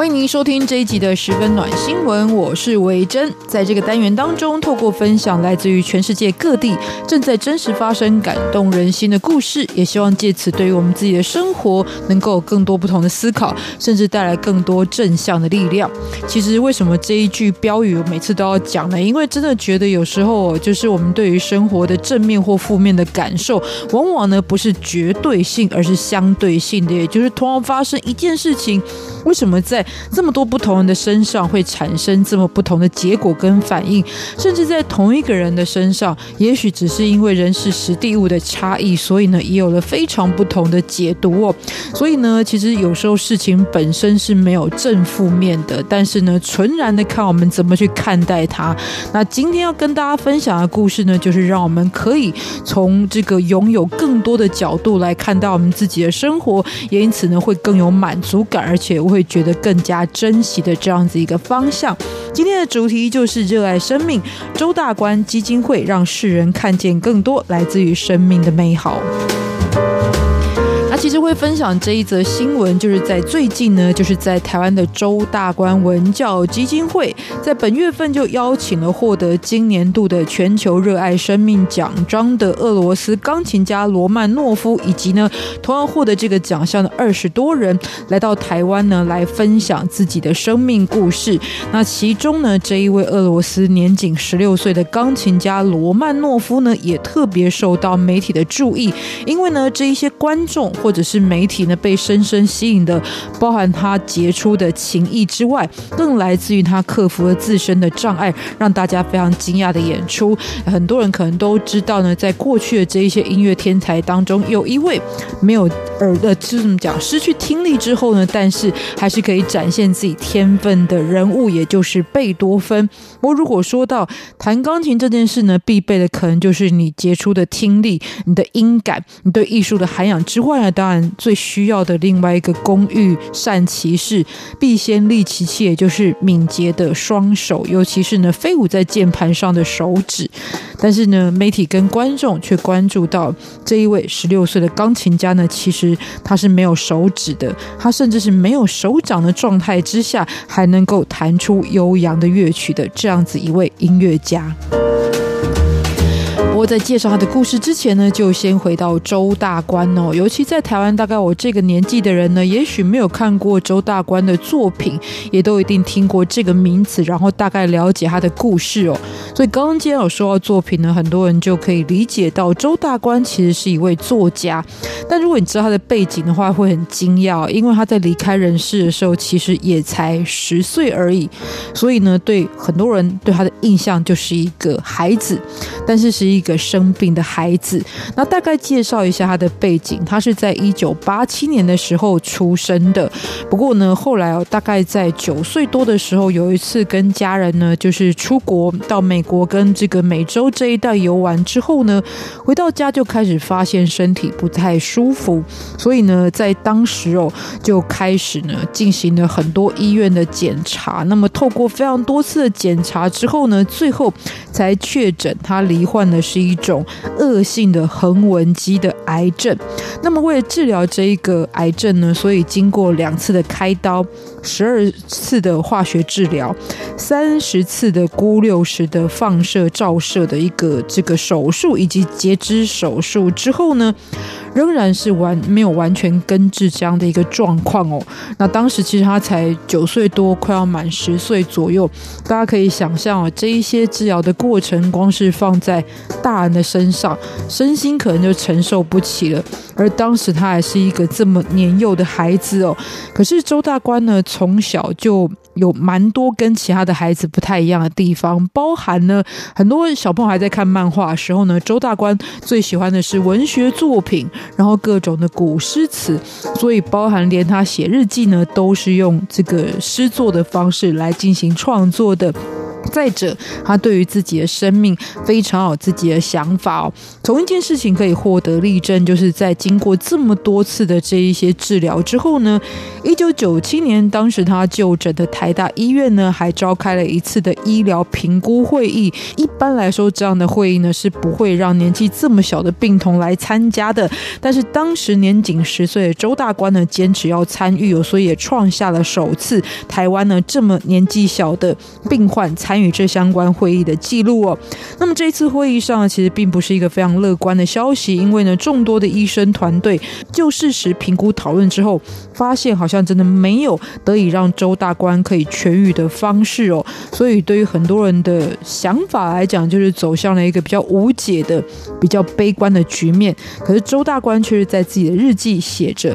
歡迎您收聽這一集的十分暖新聞，我是維珍。在這個單元當中，透過分享來自於全世界各地正在真實發生、感動人心的故事，也希望借此對於我們自己的生活能夠有更多不同的思考，甚至帶來更多正向的力量。其實，為什麼這一句標語我每次都要講呢？因為真的覺得有時候，就是我們對於生活的正面或負面的感受，往往呢不是絕對性，而是相對性的，也就是同樣發生一件事情。為什麼在這麼多不同人的身上會產生這麼不同的結果跟反應？甚至在同一個人的身上，也許只是因為人事時地物的差異，所以呢，也有了非常不同的解讀哦。所以呢，其實有時候事情本身是沒有正負面的，但是呢，純然的看我們怎麼去看待它。那今天要跟大家分享的故事呢，就是讓我們可以從這個擁有更多的角度來看到我們自己的生活，也因此呢，會更有滿足感，而且。會覺得更加珍惜的這樣子一個方向。今天的主題就是熱愛生命。周大觀基金會讓世人看見更多來自於生命的美好。其實會分享這一則新聞，就是在最近呢，就是在台灣的周大觀文教基金會，在本月份就邀請了獲得今年度的全球熱愛生命獎章的俄羅斯鋼琴家羅曼諾夫，以及呢同樣獲得這個獎項的二十多人來到台灣呢，來分享自己的生命故事。那其中呢，這一位俄羅斯年僅十六歲的鋼琴家羅曼諾夫呢，也特別受到媒體的注意，因為呢這一些觀眾或或者是媒體呢，被深深吸引的，包含他傑出的琴藝之外，更來自於他克服了自身的障礙，讓大家非常驚訝的演出。很多人可能都知道呢，在過去的這一些音樂天才當中，有一位沒有耳的，就、呃、是怎麼講失去聽力之後呢，但是還是可以展現自己天分的人物，也就是貝多芬。我如果說到彈鋼琴這件事呢，必備的可能就是你傑出的聽力、你的音感、你對藝術的涵養之外啊。當然，最需要的另外一個工欲善其事，必先利其器，也就是敏捷的雙手，尤其是呢飛舞在鍵盤上的手指。但是呢，媒體跟觀眾卻關注到這一位十六歲的鋼琴家呢，其實他是沒有手指的，他甚至是沒有手掌的狀態之下，還能夠彈出悠揚的樂曲的這樣子一位音樂家。在介紹他的故事之前呢，就先回到周大觀哦。尤其在台灣，大概我這個年紀的人呢，也許沒有看過周大觀的作品，也都一定聽過這個名字，然後大概了解他的故事哦。所以剛剛今天有說到的作品呢，很多人就可以理解到周大觀其實是一位作家。但如果你知道他的背景的話，會很驚訝，因為他在離開人世的時候，其實也才十歲而已。所以呢，對很多人對他的印象就是一個孩子，但是是一個。生病的孩子，那大概介紹一下他的背景。他是在一九八七年的時候出生的，不過呢，後來哦，大概在九歲多的時候，有一次跟家人呢，就是出國到美國跟這個美洲這一帶遊玩之後呢，回到家就開始發現身體不太舒服，所以呢，在當時哦，就開始呢進行了很多醫院的檢查。那麼透過非常多次的檢查之後呢，最後才確診他罹患的是一。一種惡性的橫紋肌的癌症，那麼為了治療這一個癌症呢，所以經過兩次的開刀。十二次的化學治療，三十次的钴六十的放射照射的一個這個手術，以及截肢手術之後呢，仍然是完沒有完全根治這樣的一個狀況哦。那當時其實他才九歲多，快要滿十歲左右，大家可以想象哦，這一些治療的過程，光是放在大人的身上，身心可能就承受不起了。而當時他還是一個這麼年幼的孩子哦。可是周大觀呢？從小就有蠻多跟其他的孩子不太一樣的地方，包含呢，很多小朋友還在看漫畫的時候呢，周大觀最喜歡的是文學作品，然後各種的古詩詞，所以包含連他寫日記呢，都是用這個詩作的方式來進行創作的。再者，他對於自己的生命非常有自己的想法哦。從一件事情可以獲得例證，就是在經過這麼多次的這一些治療之後呢，一九九七年，當時他就診的台大醫院呢，還召開了一次的醫療評估會議。一般來說，這樣的會議呢，是不會讓年紀這麼小的病童來參加的。但是當時年僅十歲的周大觀呢，堅持要參與哦，所以也創下了首次台灣呢這麼年紀小的病患參。與這相關會議的記錄哦。那麼這次會議上呢，其實並不是一個非常樂觀的消息，因為呢，眾多的醫生團隊就事實評估討論之後，發現好像真的沒有得以讓周大觀可以痊癒的方式哦。所以對於很多人的想法來講，就是走向了一個比較無解的、比較悲觀的局面。可是周大觀卻是在自己的日記寫着：“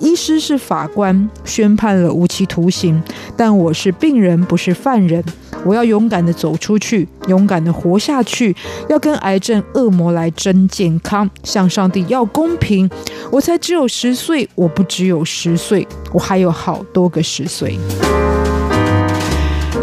醫師是法官，宣判了無期徒刑，但我是病人，不是犯人。”我要勇敢地走出去，勇敢地活下去，要跟癌症惡魔來爭健康，向上帝要公平。我才只有十歲，我不只有十歲，我還有好多個十歲。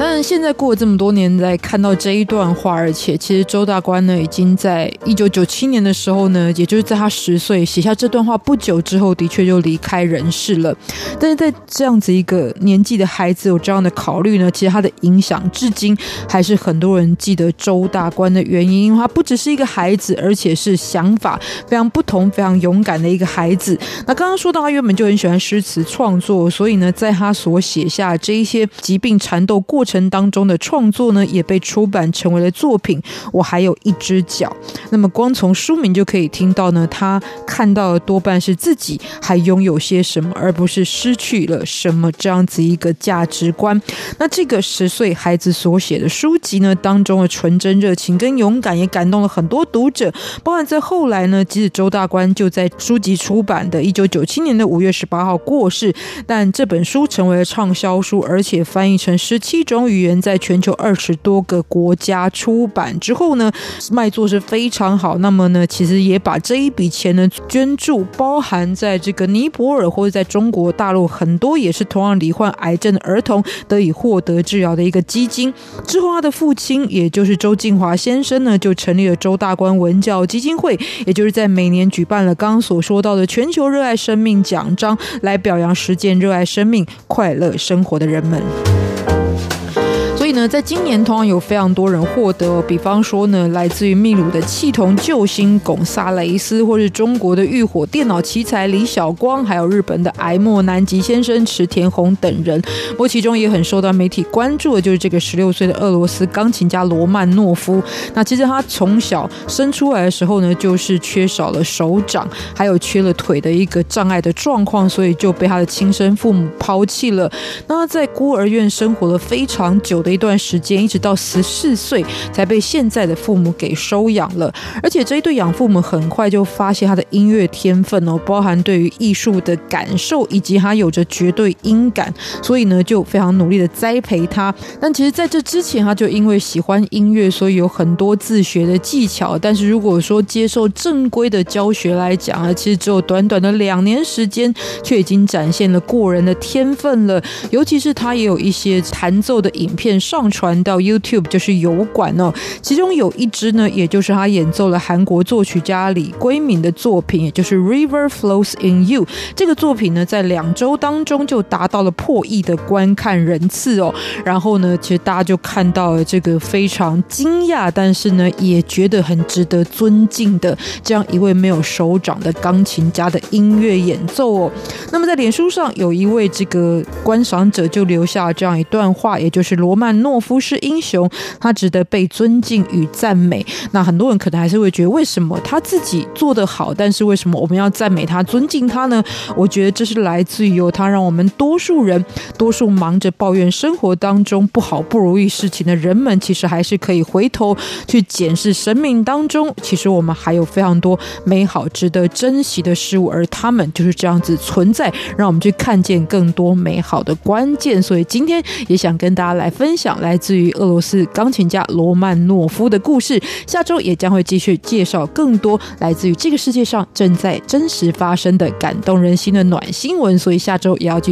但是現在過了這麼多年，來看到這一段話，而且其實周大觀呢，已經在一九九七年的時候呢，也就是在他十歲寫下這段話不久之後，的確就離開人世了。但是在這樣子一個年紀的孩子有這樣的考慮呢，其實他的影響至今還是很多人記得周大觀的原因，因為他不只是一個孩子，而且是想法非常不同、非常勇敢的一個孩子。那剛剛說到他原本就很喜歡詩詞創作，所以呢，在他所寫下這一些疾病纏鬥過程。當中的創作呢，也被出版成為了作品，我還有一隻腳。那麼，光從書名就可以聽到呢，他看到的多半是自己還擁有些什麼，而不是失去了什麼這樣子一個價值觀。那這個十歲孩子所寫的書籍呢，當中的純真、熱情跟勇敢，也感動了很多讀者。包含在後來呢，即使周大觀就在書籍出版的一九九七年的五月十八號過世，但這本書成為了暢銷書，而且翻譯成十七種中語言，在全球二十多個國家出版之後呢，賣座是非常好。那麼呢，其實也把這一筆錢呢捐助包含在這個尼泊爾，或者在中國大陸很多也是同樣罹患癌症的兒童得以獲得治療的一個基金。之後，他的父親也就是周進華先生呢，就成立了周大觀文教基金會，也就是在每年舉辦了剛所說到的全球熱愛生命獎章，來表揚實踐熱愛生命、快樂生活的人們。那在今年，同樣有非常多人獲得、哦，比方說呢，來自於秘魯的棄童救星鞏薩雷斯，或是中國的浴火電腦奇才李小光，還有日本的癌末南極先生池田宏等人。不過，其中也很受到媒體關注的就是這個十六歲的俄羅斯鋼琴家羅曼諾夫。那其實他從小生出來的時候呢，就是缺少了手掌，還有缺了腿的一個障礙的狀況，所以就被他的親生父母拋棄了。那他在孤兒院生活了非常久的一。段時間，一直到十四歲才被現在的父母給收養了。而且這一對養父母很快就發現他的音樂天分哦，包含對於藝術的感受，以及他有着絕對音感，所以呢就非常努力的栽培他。但其實在這之前，他就因為喜歡音樂，所以有很多自學的技巧。但是如果說接受正規的教學來講啊，其實只有短短的兩年時間，卻已經展現了過人的天分了。尤其是他也有一些彈奏的影片。上傳到 YouTube，就是油管喔，其中有一支呢，也就是他演奏了韓國作曲家李圭敏的作品，也就是《River Flows in You》這個作品呢，在兩周當中就達到了破億的觀看人次喔。然後呢，其實大家就看到了這個非常驚訝，但是呢也覺得很值得尊敬的這樣一位沒有手掌的鋼琴家的音樂演奏喔。那麼在臉書上有一位這個觀賞者就留下了這樣一段話，也就是羅曼。諾夫是英雄，他值得被尊敬與讚美。那很多人可能還是會覺得，為什麼他自己做得好，但是為什麼我們要讚美他、尊敬他呢？我覺得這是來自於他讓我們多數人、多數忙着抱怨生活當中不好、不如意事情的人們，其實還是可以回頭去檢視生命當中，其實我們還有非常多美好、值得珍惜的事物，而他們就是這樣子存在，讓我們去看見更多美好的關鍵。所以今天也想跟大家來分享來自於俄羅斯鋼琴家羅曼諾夫的故事。下週也將會繼續介紹更多來自於這個世界上正在真實發生的感動人心的暖新聞，所以下週也要繼續